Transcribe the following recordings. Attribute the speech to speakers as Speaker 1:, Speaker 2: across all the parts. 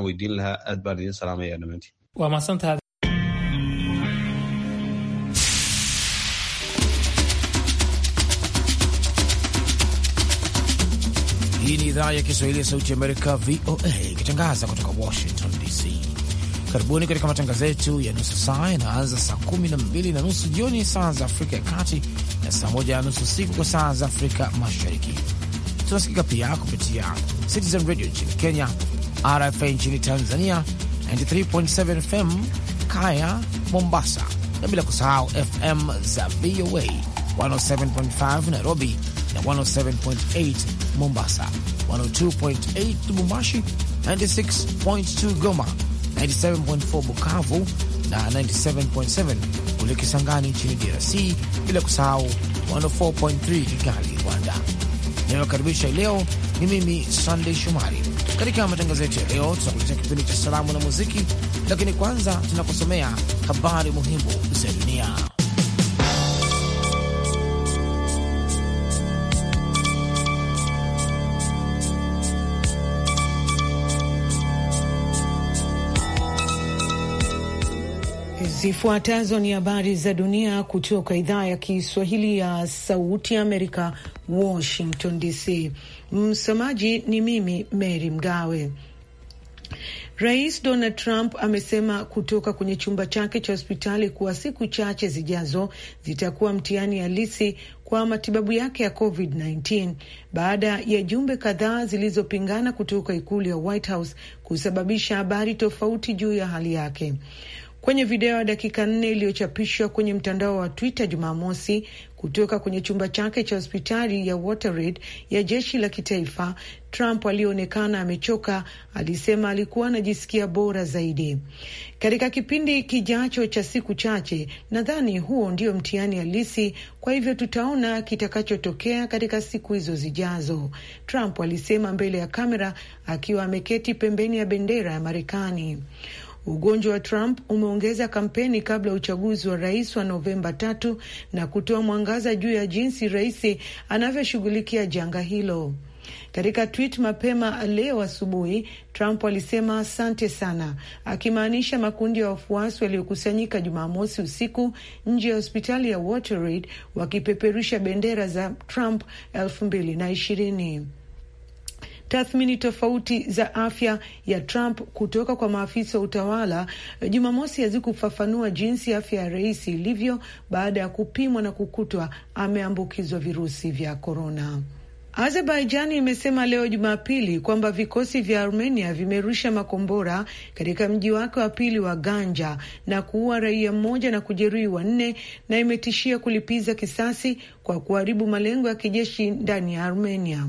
Speaker 1: weydiin lahaa aad baan idin salaamayaa dhamaantiin
Speaker 2: waa mahadsantahay
Speaker 3: Hii ni idhaa ya Kiswahili ya Sauti ya Amerika, VOA, ikitangaza kutoka Washington DC. Karibuni katika matangazo yetu ya nusu saa yanaanza saa kumi na mbili na nusu jioni saa za Afrika ya Kati na saa moja na nusu usiku kwa saa za Afrika Mashariki. Tunasikika pia kupitia Citizen Radio nchini Kenya, RFA nchini Tanzania 93.7 FM Kaya Mombasa, na bila kusahau FM za VOA 107.5 Nairobi na 107.8 Mombasa, 102.8 Lubumbashi, 96.2 Goma, 97.4 Bukavu na 97.7 kule Kisangani nchini DRC, bila kusahau 104.3 Kigali, Rwanda inayokaribisha leo. Ni mimi Sandey Shomari. Katika matangazo yetu ya leo, tutakuletea kipindi cha salamu na muziki, lakini kwanza tunakusomea habari muhimu za dunia.
Speaker 4: Zifuatazo ni habari za dunia kutoka idhaa ya Kiswahili ya Sauti Amerika, Washington DC. Msomaji ni mimi Mary Mgawe. Rais Donald Trump amesema kutoka kwenye chumba chake cha hospitali kuwa siku chache zijazo zitakuwa mtihani halisi kwa matibabu yake ya COVID-19 baada ya jumbe kadhaa zilizopingana kutoka ikulu ya White House kusababisha habari tofauti juu ya hali yake. Kwenye video ya dakika nne iliyochapishwa kwenye mtandao wa Twitter Jumamosi kutoka kwenye chumba chake cha hospitali ya Waterred ya jeshi la kitaifa, Trump aliyeonekana amechoka alisema alikuwa anajisikia bora zaidi. Katika kipindi kijacho cha siku chache, nadhani huo ndio mtihani halisi, kwa hivyo tutaona kitakachotokea katika siku hizo zijazo, Trump alisema mbele ya kamera akiwa ameketi pembeni ya bendera ya Marekani. Ugonjwa wa Trump umeongeza kampeni kabla ya uchaguzi wa rais wa Novemba tatu na kutoa mwangaza juu ya jinsi rais anavyoshughulikia janga hilo. Katika tweet mapema leo asubuhi, Trump alisema asante sana, akimaanisha makundi ya wafuasi waliokusanyika Jumamosi usiku nje ya hospitali ya Waterreid wakipeperusha bendera za Trump elfu mbili na ishirini. Tathmini tofauti za afya ya Trump kutoka kwa maafisa wa utawala Jumamosi hazikufafanua jinsi afya ya rais ilivyo baada ya kupimwa na kukutwa ameambukizwa virusi vya korona. Azerbaijan imesema leo Jumapili kwamba vikosi vya Armenia vimerusha makombora katika mji wake wa pili wa Ganja na kuua raia mmoja na kujeruhi wanne, na imetishia kulipiza kisasi kwa kuharibu malengo ya kijeshi ndani ya Armenia.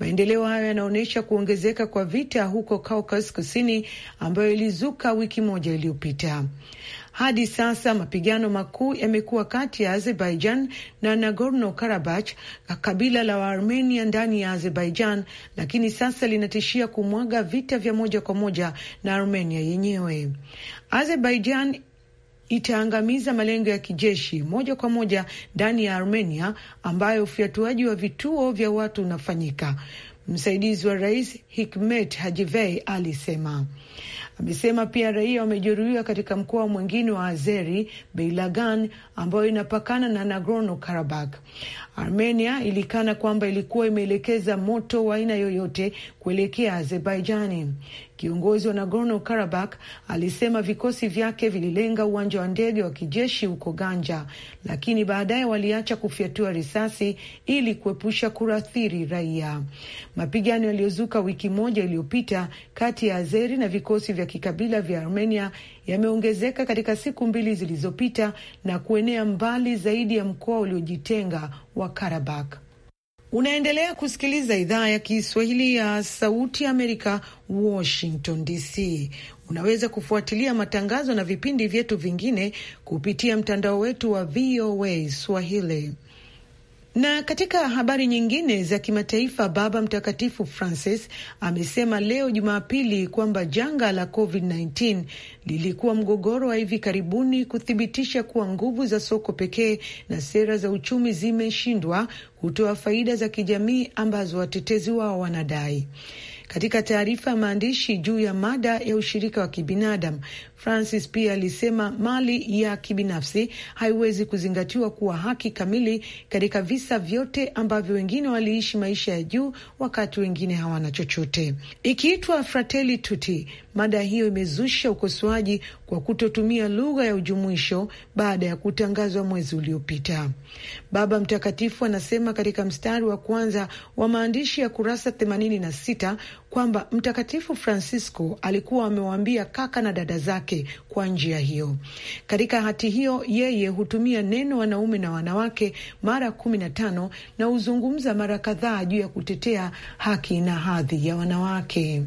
Speaker 4: Maendeleo hayo yanaonyesha kuongezeka kwa vita huko Caucasus Kusini ambayo ilizuka wiki moja iliyopita. Hadi sasa mapigano makuu yamekuwa kati ya Azerbaijan na Nagorno karabach kabila la Waarmenia ndani ya Azerbaijan, lakini sasa linatishia kumwaga vita vya moja kwa moja na Armenia yenyewe. Azerbaijan itaangamiza malengo ya kijeshi moja kwa moja ndani ya Armenia ambayo ufyatuaji wa vituo vya watu unafanyika. Msaidizi wa rais Hikmet Hajivei alisema amesema pia raia wamejeruhiwa katika mkoa mwingine wa Azeri, Beilagan, ambayo inapakana na Nagorno Karabakh. Armenia ilikana kwamba ilikuwa imeelekeza moto wa aina yoyote kuelekea Azerbaijani. Kiongozi wa Nagorno Karabakh alisema vikosi vyake vililenga uwanja wa ndege wa kijeshi huko Ganja, lakini baadaye waliacha kufyatua risasi ili kuepusha kurathiri raia. Mapigano yaliyozuka wiki moja iliyopita kati ya Azeri na vikosi vya kikabila vya Armenia yameongezeka katika siku mbili zilizopita na kuenea mbali zaidi ya mkoa uliojitenga wa Karabakh. Unaendelea kusikiliza idhaa ya Kiswahili ya Sauti ya Amerika, Washington DC. Unaweza kufuatilia matangazo na vipindi vyetu vingine kupitia mtandao wetu wa VOA Swahili na katika habari nyingine za kimataifa, Baba Mtakatifu Francis amesema leo Jumapili kwamba janga la COVID-19 lilikuwa mgogoro wa hivi karibuni kuthibitisha kuwa nguvu za soko pekee na sera za uchumi zimeshindwa kutoa faida za kijamii ambazo watetezi wao wanadai. Katika taarifa ya maandishi juu ya mada ya ushirika wa kibinadamu, Francis pia alisema mali ya kibinafsi haiwezi kuzingatiwa kuwa haki kamili katika visa vyote ambavyo wengine waliishi maisha ya juu wakati wengine hawana chochote. Ikiitwa Fratelli Tutti, mada hiyo imezusha ukosoaji kwa kutotumia lugha ya ujumuisho baada ya kutangazwa mwezi uliopita. Baba Mtakatifu anasema katika mstari wa kwanza wa maandishi ya kurasa 86 kwamba Mtakatifu Francisco alikuwa amewaambia kaka na dada zake kwa njia hiyo. Katika hati hiyo, yeye hutumia neno wanaume na wanawake mara kumi na tano na huzungumza mara kadhaa juu ya kutetea haki na hadhi ya wanawake.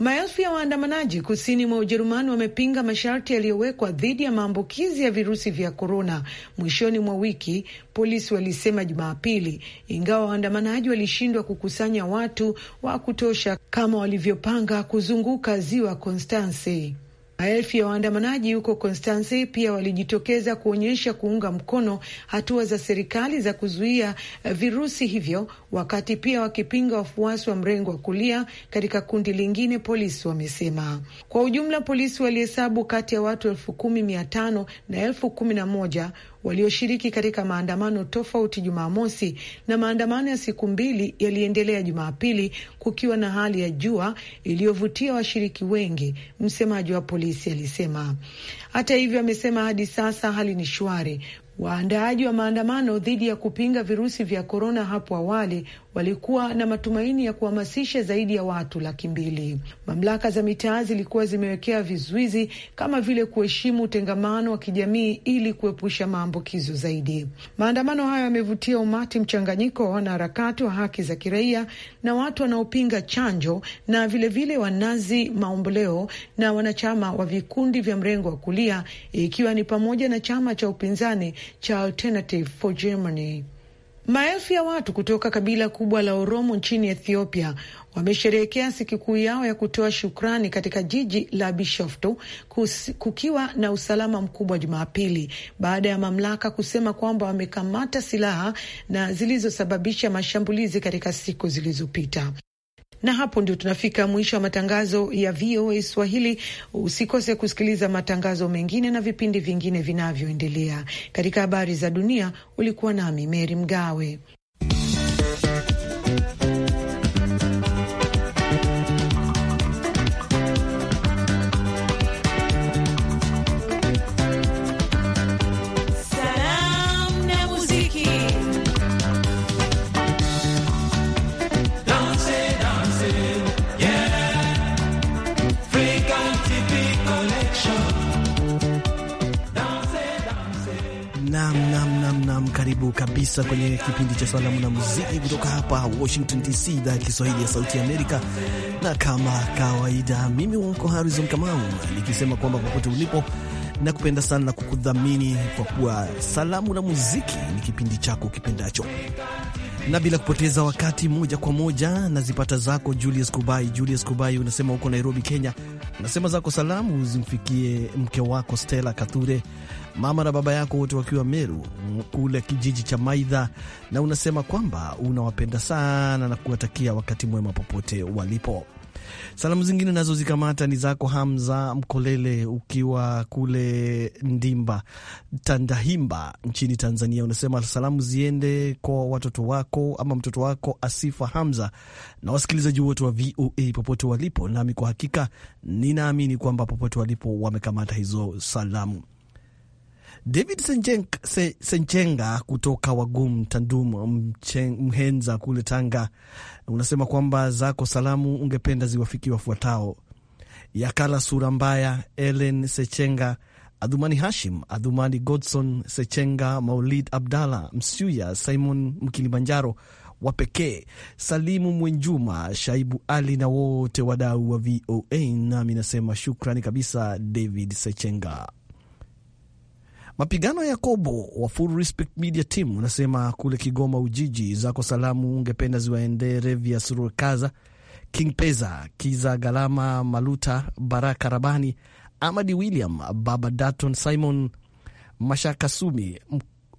Speaker 4: Maelfu ya waandamanaji kusini mwa Ujerumani wamepinga masharti yaliyowekwa dhidi ya maambukizi ya virusi vya korona mwishoni mwa wiki, polisi walisema Jumapili, ingawa waandamanaji walishindwa kukusanya watu wa kutosha kama walivyopanga kuzunguka ziwa Konstanse. Maelfu ya waandamanaji huko Konstansi pia walijitokeza kuonyesha kuunga mkono hatua za serikali za kuzuia eh, virusi hivyo, wakati pia wakipinga wafuasi wa mrengo wa kulia katika kundi lingine, polisi wamesema. Kwa ujumla, polisi walihesabu kati ya watu elfu kumi mia tano na elfu kumi na moja walioshiriki katika maandamano tofauti Jumamosi, na maandamano ya siku mbili yaliendelea Jumapili kukiwa na hali ya jua iliyovutia washiriki wengi, msemaji wa polisi alisema. Hata hivyo, amesema hadi sasa hali ni shwari. Waandaaji wa maandamano dhidi ya kupinga virusi vya korona hapo awali walikuwa na matumaini ya kuhamasisha zaidi ya watu laki mbili. Mamlaka za mitaa zilikuwa zimewekea vizuizi kama vile kuheshimu utengamano wa kijamii ili kuepusha maambukizo zaidi. Maandamano hayo yamevutia umati mchanganyiko wa wanaharakati wa haki za kiraia na watu wanaopinga chanjo na vilevile vile wanazi maomboleo na wanachama wa vikundi vya mrengo wa kulia kulia ikiwa ni pamoja na chama cha upinzani cha Alternative for Germany. Maelfu ya watu kutoka kabila kubwa la Oromo nchini Ethiopia wamesherehekea sikukuu yao ya kutoa shukrani katika jiji la Bishoftu kukiwa na usalama mkubwa Jumapili baada ya mamlaka kusema kwamba wamekamata silaha na zilizosababisha mashambulizi katika siku zilizopita. Na hapo ndio tunafika mwisho wa matangazo ya VOA Swahili. Usikose kusikiliza matangazo mengine na vipindi vingine vinavyoendelea. Katika habari za dunia, ulikuwa nami Meri Mgawe.
Speaker 1: Nam, nam, nam, nam, karibu kabisa kwenye kipindi cha salamu na muziki kutoka hapa Washington DC, idhaa ya Kiswahili ya Sauti ya Amerika. Na kama kawaida, mimi wako Harrison Kamau nikisema kwamba popote ulipo na kupenda sana na kukudhamini kwa kuwa salamu na muziki ni kipindi chako kipendacho na bila kupoteza wakati, moja kwa moja na zipata zako Julius Kubai. Julius Kubai, unasema huko Nairobi, Kenya, unasema zako salamu zimfikie mke wako Stella Kathure, mama na baba yako wote wakiwa Meru kule kijiji cha Maidha, na unasema kwamba unawapenda sana na kuwatakia wakati mwema popote walipo. Salamu zingine nazo zikamata ni zako Hamza Mkolele, ukiwa kule Ndimba Tandahimba nchini Tanzania. Unasema salamu ziende kwa watoto wako ama mtoto wako Asifa Hamza na wasikilizaji wote wa VOA popote walipo, nami kwa hakika ninaamini kwamba popote walipo wamekamata hizo salamu. David Senchenga kutoka Wagum Tandum Mhenza kule Tanga unasema kwamba zako salamu ungependa ziwafikie wafuatao: Yakala Sura Mbaya, Ellen Sechenga, Adhumani Hashim, Adhumani Godson Sechenga, Maulid Abdallah Msuya, Simon Mkilimanjaro wa pekee, Salimu Mwenjuma, Shaibu Ali na wote wadau wa VOA. Nami nasema shukrani kabisa, David Sechenga. Mapigano ya Kobo wa Full Respect Media Team unasema kule Kigoma Ujiji, zako salamu ungependa ziwaendee Revia surukaza King Peza, Kiza Galama, Maluta Baraka Rabani, Amadi William, Baba Daton, Simon Mashaka Sumi,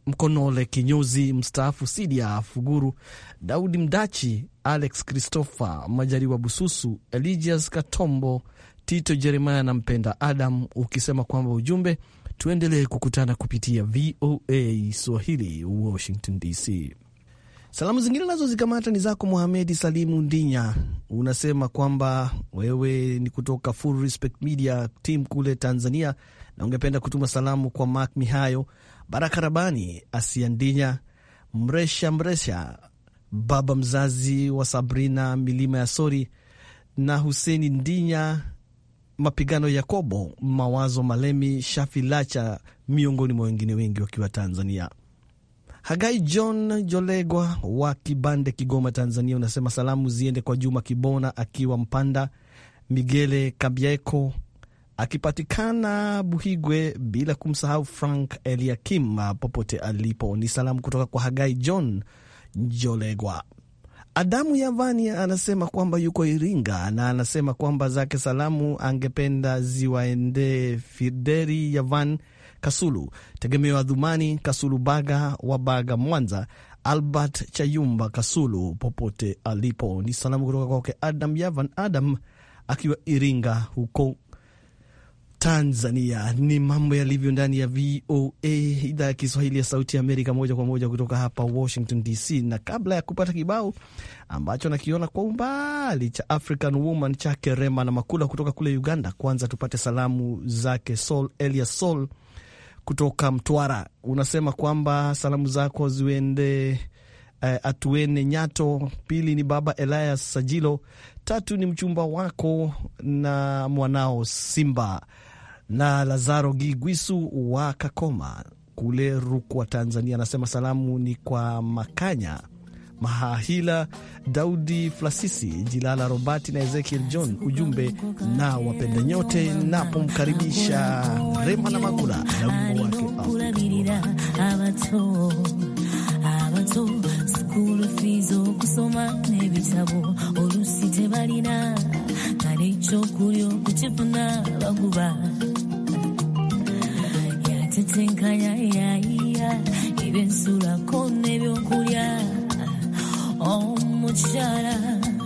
Speaker 1: Mkonole kinyozi mstaafu, Sidia Fuguru, Daudi Mdachi, Alex Christopher majariwa Bususu Eligias Katombo, Tito Jeremaya na Mpenda Adam, ukisema kwamba ujumbe tuendelee kukutana kupitia VOA Swahili, Washington DC. Salamu zingine nazo zikamata ni zako muhamedi Salimu Ndinya, unasema kwamba wewe ni kutoka Full Respect Media team kule Tanzania, na ungependa kutuma salamu kwa Mak Mihayo, Baraka Rabani, Asia Ndinya, Mresha Mresha, baba mzazi wa Sabrina Milima ya Sori na Huseni Ndinya mapigano Kobo, Mawazo Malemi, Shafi Lacha miongoni mwa wengine wengi wakiwa Tanzania. Hagai John Jolegwa wa Kibande, Kigoma, Tanzania, unasema salamu ziende kwa Juma Kibona akiwa Mpanda, Migele Kabyeko akipatikana Buhigwe, bila kumsahau Frank Eliakim popote alipo. Ni salamu kutoka kwa Hagai John Jolegwa. Adamu yavani anasema kwamba yuko Iringa na anasema kwamba zake salamu angependa ziwaendee Fideri Yavan Kasulu, Tegemeo wa Dhumani Kasulu, Baga wa Baga Mwanza, Albert Chayumba Kasulu popote alipo. Ni salamu kutoka kwake Adam Yavan Adam akiwa Iringa huko Tanzania. Ni mambo yalivyo ndani ya VOA idhaa ya Kiswahili ya Sauti ya Amerika, moja kwa moja kutoka hapa Washington DC. Na kabla ya kupata kibao ambacho nakiona kwa umbali cha African Woman chake Rema na Makula kutoka kule Uganda, kwanza tupate salamu zake Sol Elias Sol kutoka Mtwara. Unasema kwamba salamu zako ziende uh, Atuene Nyato, pili ni baba Elias Sajilo, tatu ni mchumba wako na mwanao Simba na Lazaro Gigwisu wa Kakoma kule Rukwa, Tanzania, anasema salamu ni kwa Makanya Mahahila, Daudi Flasisi, Jilala Robati na Ezekiel John. Ujumbe na wapenda nyote, napomkaribisha Rema na Magula na wake
Speaker 5: kwenkanya yaya ko n'ebyokulya omukyala oh,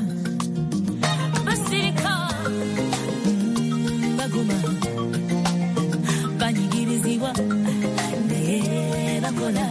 Speaker 5: basirika mm, baguma banyigirizibwa naye bakola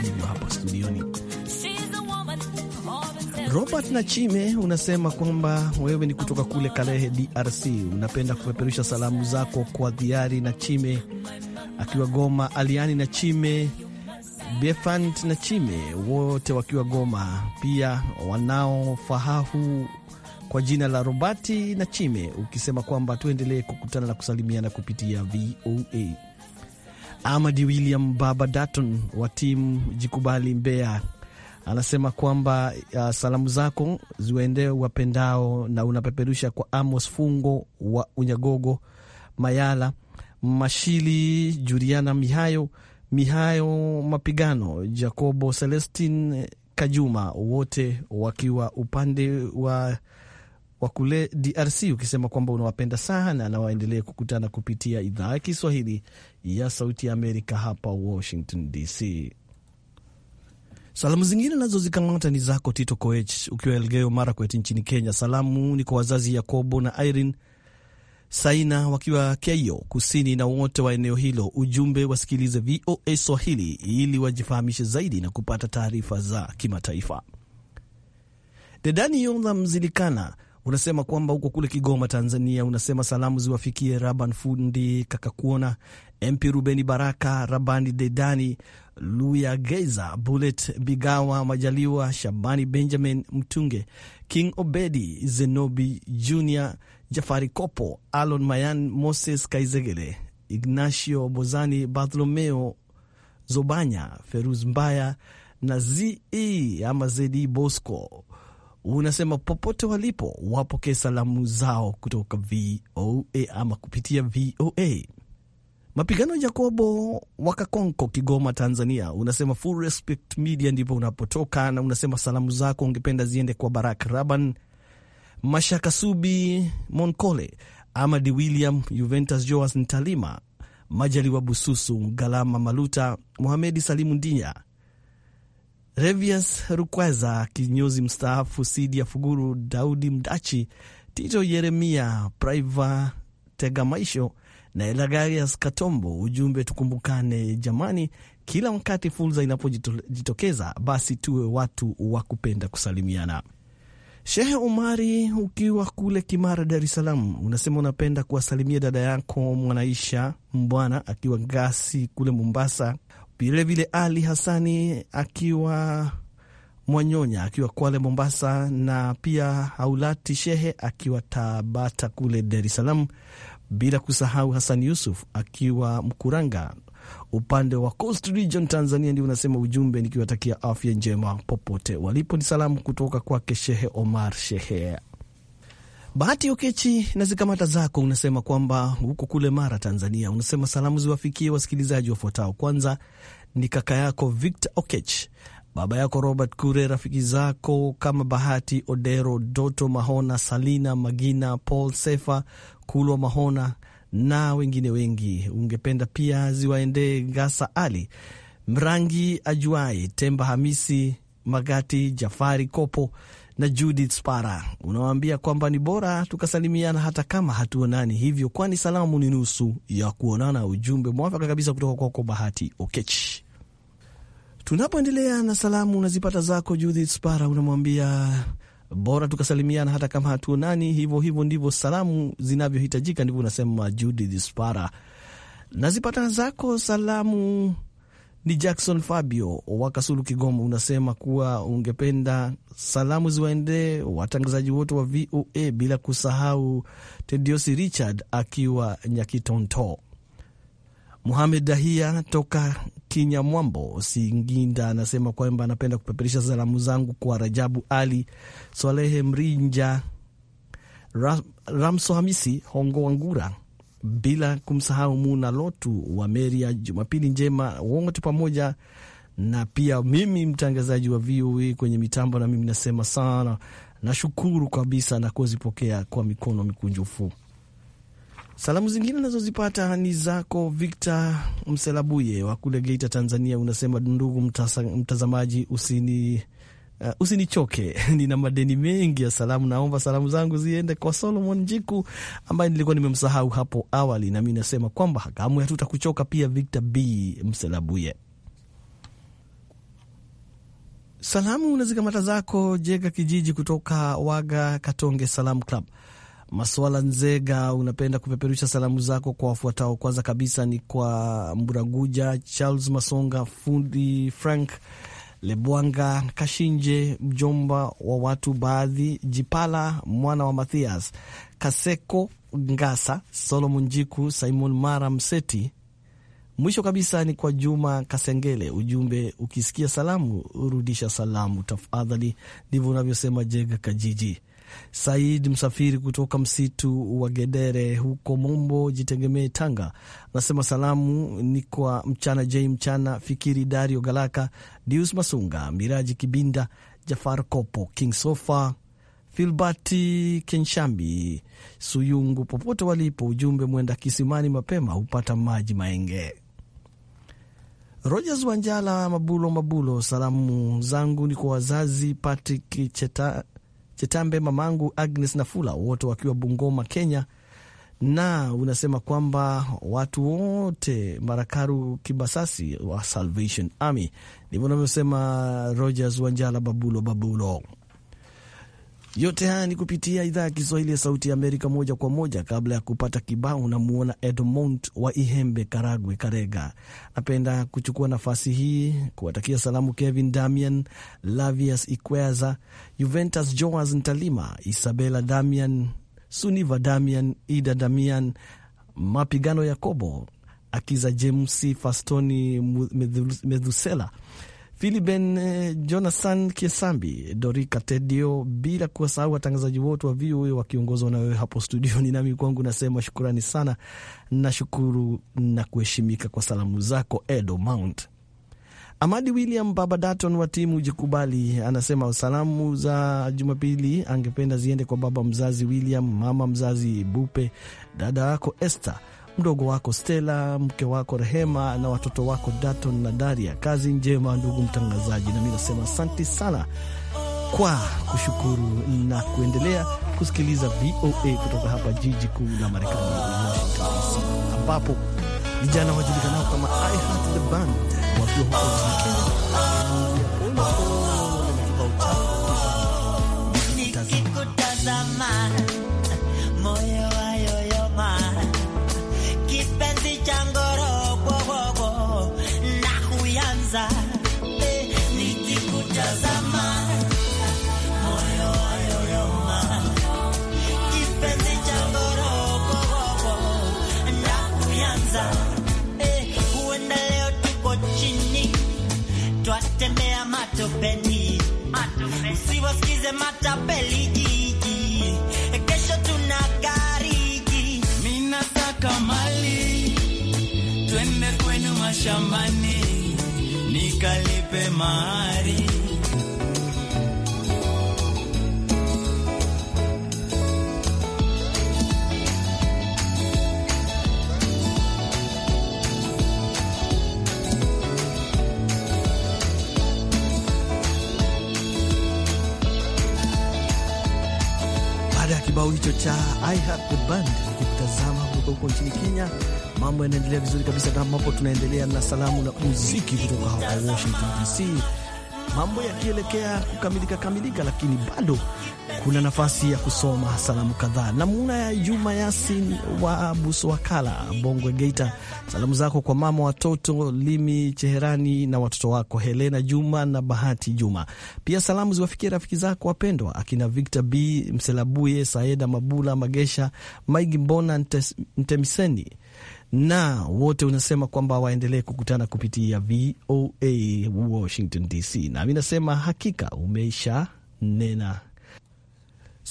Speaker 1: kidogo hapo studioni. Robert Nachime, unasema kwamba wewe ni kutoka kule Kalehe, DRC. Unapenda kupeperusha salamu zako kwa Dhiari Nachime akiwa Goma, Aliani Nachime, Befant Nachime, wote wakiwa Goma, pia wanaofahahu kwa jina la Robati Nachime, ukisema kwamba tuendelee kukutana na kusalimiana kupitia VOA. Amadi William Baba Daton wa timu Jikubali Mbeya anasema kwamba uh, salamu zako ziwaendee wapendao na unapeperusha kwa Amos Fungo wa Unyagogo Mayala Mashili Juliana Mihayo Mihayo Mapigano Jacobo Celestin Kajuma wote wakiwa upande wa wa kule DRC ukisema kwamba unawapenda sana na waendelee kukutana kupitia idhaa ya Kiswahili ya Sauti ya Amerika hapa Washington DC. Salamu zingine nazo zikamata ni zako Tito Koech ukiwa Elgeyo Marakwet nchini Kenya. Salamu ni kwa wazazi Yakobo na Irene Saina wakiwa Keio Kusini na wote wa eneo hilo. Ujumbe wasikilize VOA Swahili ili wajifahamishe zaidi na kupata taarifa za kimataifa. Dedani Yodha Mzilikana unasema kwamba huko kule Kigoma, Tanzania, unasema salamu ziwafikie Raban Fundi, Kakakuona MP Rubeni Baraka, Rabani Dedani Luya Geiza, Bullet Bigawa, Majaliwa Shabani, Benjamin Mtunge, King Obedi, Zenobi Junior, Jafari Kopo, Alon Mayan, Moses Kaizegele, Ignacio Bozani, Bartholomeo Zobanya, Feruz Mbaya na Ze ama Zedi Bosco unasema popote walipo wapokee salamu zao kutoka VOA ama kupitia VOA. Mapigano Jakobo Wakakonko, Kigoma, Tanzania, unasema Full Respect Media ndipo unapotoka na unasema salamu zako ungependa ziende kwa Barak Raban, Mashaka Subi, Monkole, Amadi William, Juventus Joas Ntalima, Majaliwa Bususu, Galama Maluta, muhamedi Salimu Ndinya, Revius Rukweza, kinyozi mstaafu sidi ya Fuguru, Daudi Mdachi, Tito Yeremia, Priva Tegamaisho na Elagarias Katombo. Ujumbe, tukumbukane jamani, kila wakati fulza inapojitokeza basi tuwe watu wa kupenda kusalimiana. Shehe Umari, ukiwa kule Kimara, Dar es Salaam, unasema unapenda kuwasalimia dada yako Mwanaisha Mbwana akiwa Ngasi kule Mombasa, Vilevile Ali Hasani akiwa Mwanyonya akiwa Kwale Mombasa, na pia Haulati Shehe akiwa Tabata kule Dar es Salaam, bila kusahau hasani Yusuf akiwa Mkuranga upande wa Coast Region Tanzania. Ndio unasema ujumbe, nikiwatakia afya njema popote walipo. Ni salamu kutoka kwake Shehe Omar Shehe Bahati Okechi na zikamata zako, unasema kwamba huko kule Mara, Tanzania, unasema salamu ziwafikie wasikilizaji wafuatao. Kwanza ni kaka yako Victor Okech, baba yako Robert Kure, rafiki zako kama Bahati Odero, Doto Mahona, Salina Magina, Paul Sefa, Kulwa Mahona na wengine wengi. Ungependa pia ziwaendee Gasa Ali Mrangi, Ajuai Temba, Hamisi Magati, Jafari Kopo na Judith Spara, unawaambia kwamba ni bora tukasalimiana hata kama hatuonani hivyo, kwani salamu ni nusu ya kuonana. Ujumbe mwafaka kabisa kutoka kwako Bahati Okech. Tunapoendelea na salamu unazipata zako Judith Spara, unamwambia bora tukasalimiana hata kama hatuonani hivyo. Hivyo ndivyo salamu zinavyohitajika, ndivyo unasema Judith Spara. Nazipata zako salamu ni Jackson Fabio wa Kasulu, Kigoma. Unasema kuwa ungependa salamu ziwaendee watangazaji wote wa VOA bila kusahau Tediosi Richard akiwa Nyakitonto, Muhamed Dahia toka Kinyamwambo, Singinda. Anasema kwamba anapenda kupeperisha salamu zangu kwa Rajabu Ali, Swalehe Mrinja, Ramso Hamisi, Hongo Wangura, bila kumsahau Muna Lotu wa Meria. Jumapili njema wote pamoja, na pia mimi mtangazaji wa VOA kwenye mitambo, na mimi nasema sana nashukuru kabisa na kuzipokea kwa mikono mikunjufu. Salamu zingine nazozipata ni zako Victor Mselabuye wa kule Geita, Tanzania. Unasema ndugu mtazamaji, usini Uh, usinichoke nina madeni mengi ya salamu. Naomba salamu zangu ziende kwa Solomon Jiku ambaye nilikuwa nimemsahau hapo awali, nami nasema kwamba kamwe hatutakuchoka. Pia Victor B Mselabuye, salamu na zako Jega kijiji kutoka Waga Katonge Salam Club. Maswala Nzega, unapenda kupeperusha salamu zako kwa wafuatao. Kwanza kabisa ni kwa Mburaguja Charles Masonga, fundi Frank Lebwanga Kashinje, mjomba wa watu baadhi, Jipala mwana wa Mathias Kaseko Ngasa, Solomon Jiku, Simon Mara Mseti. Mwisho kabisa ni kwa Juma Kasengele, ujumbe ukisikia salamu rudisha salamu tafadhali. Ndivyo unavyosema Jega Kajiji. Said Msafiri kutoka msitu wa Gedere huko Mombo, Jitegemee, Tanga, anasema salamu ni kwa Mchana J Mchana, Fikiri Dario, Galaka Dius Masunga, Miraji Kibinda, Jafar Kopo, King Sofa, Filbati Kenshambi Suyungu, popote walipo. Ujumbe, mwenda kisimani mapema hupata maji maenge. Rogers Wanjala Mabulo Mabulo, salamu zangu ni kwa wazazi Patrick Cheta, Chetambe, mamangu Agnes Nafula, wote wakiwa Bungoma, Kenya, na unasema kwamba watu wote Marakaru Kibasasi wa Salvation Army, ndivyo unavyosema Rogers Wanjala Babulo Babulo. Yote haya ni kupitia idhaa ya Kiswahili ya Sauti ya Amerika moja kwa moja. Kabla ya kupata kibao, namuona Edmont wa Ihembe, Karagwe, Karega. Napenda kuchukua nafasi hii kuwatakia salamu Kevin Damian, Lavius iqueza Juventus Joas Ntalima, Isabela Damian, Suniva Damian, Ida Damian, Mapigano Yakobo, Akiza James, Fastoni Methusela Filiben eh, Jonathan Kiesambi, Dorika Tedio, bila kuwasahau watangazaji wote wa VOA wakiongozwa na wewe hapo studioni. Nami kwangu nasema shukurani sana, nashukuru na kuheshimika kwa salamu zako Edo Mount. Amadi William baba Daton wa timu Jikubali anasema salamu za Jumapili angependa ziende kwa baba mzazi William, mama mzazi Bupe, dada yako Esther mdogo wako Stella, mke wako Rehema na watoto wako Daton na Daria. Kazi njema, ndugu mtangazaji, nami nasema asante sana kwa kushukuru na kuendelea kusikiliza VOA kutoka hapa jiji kuu la Marekani, ambapo vijana wajulikanao
Speaker 2: kama I Heart the Band wakiwa huko nchini Kenya
Speaker 1: kibao hicho cha I Have The Band kikutazama huko huko nchini Kenya. Mambo yanaendelea vizuri kabisa, na tunaendelea na salamu na muziki kutoka hapa Washington DC, mambo yakielekea kukamilika kamilika, lakini bado kuna nafasi ya kusoma salamu kadhaa. Namuna Juma Yasin wa Buswakala, Bongwe, Geita, salamu zako kwa mama watoto Limi Cheherani na watoto wako Helena Juma na Bahati Juma. Pia salamu ziwafikie rafiki zako wapendwa akina Victor B Mselabuye, Saeda Mabula Magesha, Maigi Mbona Ntemiseni na wote unasema kwamba waendelee kukutana kupitia VOA Washington DC, nami nasema hakika umeisha nena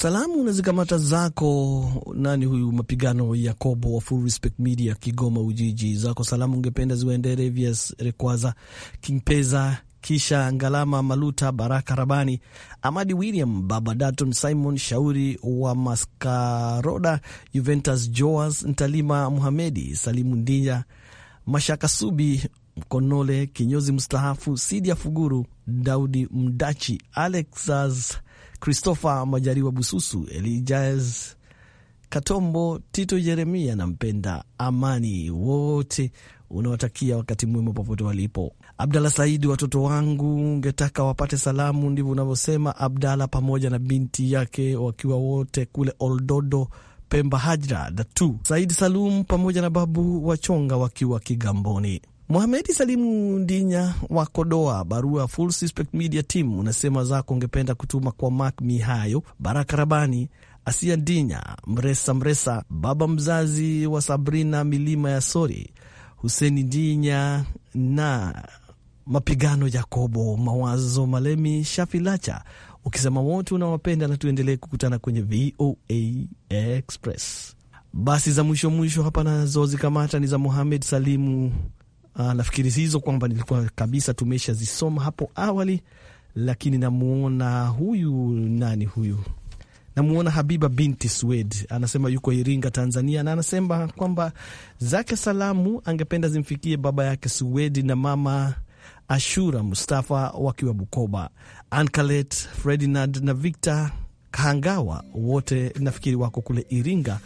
Speaker 1: Salamu unazikamata zako. Nani huyu? Mapigano Yakobo wa Full Respect Media, Kigoma Ujiji. Zako salamu ungependa ziwaendee Revias Rekwaza, Kingpeza kisha Ngalama Maluta, Baraka Rabani, Amadi William, Baba Daton, Simon Shauri wa Maskaroda, Juventus Joas, Ntalima Muhamedi, Salimu Ndinya, Mashaka Subi, Mkonole Kinyozi mstaafu Sidia Fuguru, Daudi Mdachi, Alexas Christopher Majariwa Bususu, Elijaz Katombo, Tito Jeremia na Mpenda Amani, wote unawatakia wakati mwema popote walipo. Abdalla Saidi, watoto wangu ngetaka wapate salamu, ndivyo unavyosema Abdalla pamoja na binti yake wakiwa wote kule Oldodo Pemba, Hajra Datu Saidi Salum pamoja na babu Wachonga wakiwa Kigamboni muhamedi Salimu Ndinya wa Kodoa, barua Full Suspect Media Team, unasema zako ungependa kutuma kwa Mak Mihayo, Baraka Rabani, Asia Ndinya, Mresa Mresa, baba mzazi wa Sabrina Milima ya Sori, Huseni Ndinya na Mapigano Yakobo, Mawazo Malemi, Shafilacha, ukisema wote unawapenda na tuendelee kukutana kwenye VOA Express. Basi za mwisho mwisho hapa nazo zikamata ni za Mohamed Salimu Uh, nafikiri hizo kwamba nilikuwa kabisa tumeshazisoma hapo awali, lakini namuona huyu nani huyu, namuona Habiba binti Swed anasema yuko Iringa, Tanzania, na anasema kwamba zake salamu angependa zimfikie baba yake Swedi na mama Ashura Mustafa wakiwa Bukoba, Ankalet fredinad na Victor Kahangawa, wote nafikiri wako kule Iringa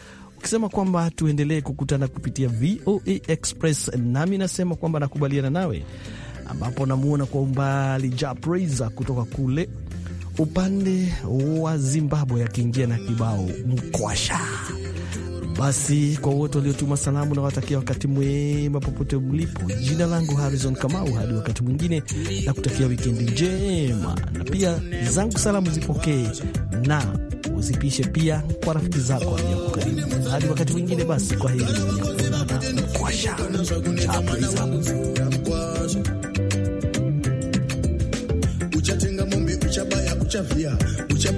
Speaker 1: kisema kwamba tuendelee kukutana kupitia VOA Express, nami nasema kwamba nakubaliana nawe, ambapo namuona kwa umbali Japraiser kutoka kule upande wa Zimbabwe akiingia na kibao mkwasha. Basi kwa wote waliotuma salamu, na watakia wakati mwema popote mlipo. Jina langu Harrison Kamau, hadi wakati mwingine, na kutakia wikendi njema, na pia zangu salamu zipokee na uzipishe pia kwa rafiki zako Hadi wakati mwingine, basi kwa hili
Speaker 2: mkwasha. tafiya wuce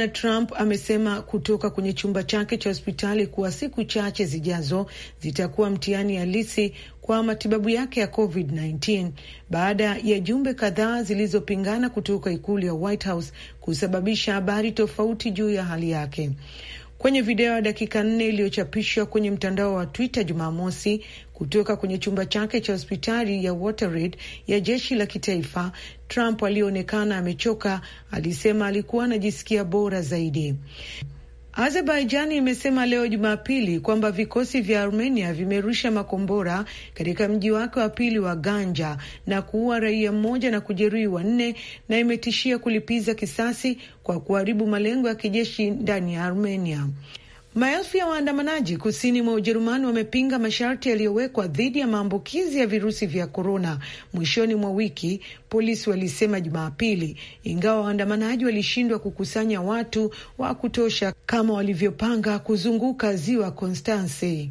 Speaker 4: Donald Trump amesema kutoka kwenye chumba chake cha hospitali kuwa siku chache zijazo zitakuwa mtihani halisi kwa matibabu yake ya COVID-19 baada ya jumbe kadhaa zilizopingana kutoka ikulu ya White House kusababisha habari tofauti juu ya hali yake kwenye video ya dakika nne iliyochapishwa kwenye mtandao wa Twitter Jumamosi kutoka kwenye chumba chake cha hospitali ya Waterred ya jeshi la kitaifa, Trump aliyeonekana amechoka alisema alikuwa anajisikia bora zaidi. Azerbaijan imesema leo Jumapili kwamba vikosi vya Armenia vimerusha makombora katika mji wake wa pili wa Ganja na kuua raia mmoja na kujeruhi wanne, na imetishia kulipiza kisasi kwa kuharibu malengo ya kijeshi ndani ya Armenia. Maelfu ya waandamanaji kusini mwa Ujerumani wamepinga masharti yaliyowekwa dhidi ya maambukizi ya virusi vya korona mwishoni mwa wiki, polisi walisema Jumapili, ingawa waandamanaji walishindwa kukusanya watu wa kutosha kama walivyopanga kuzunguka ziwa Konstanse.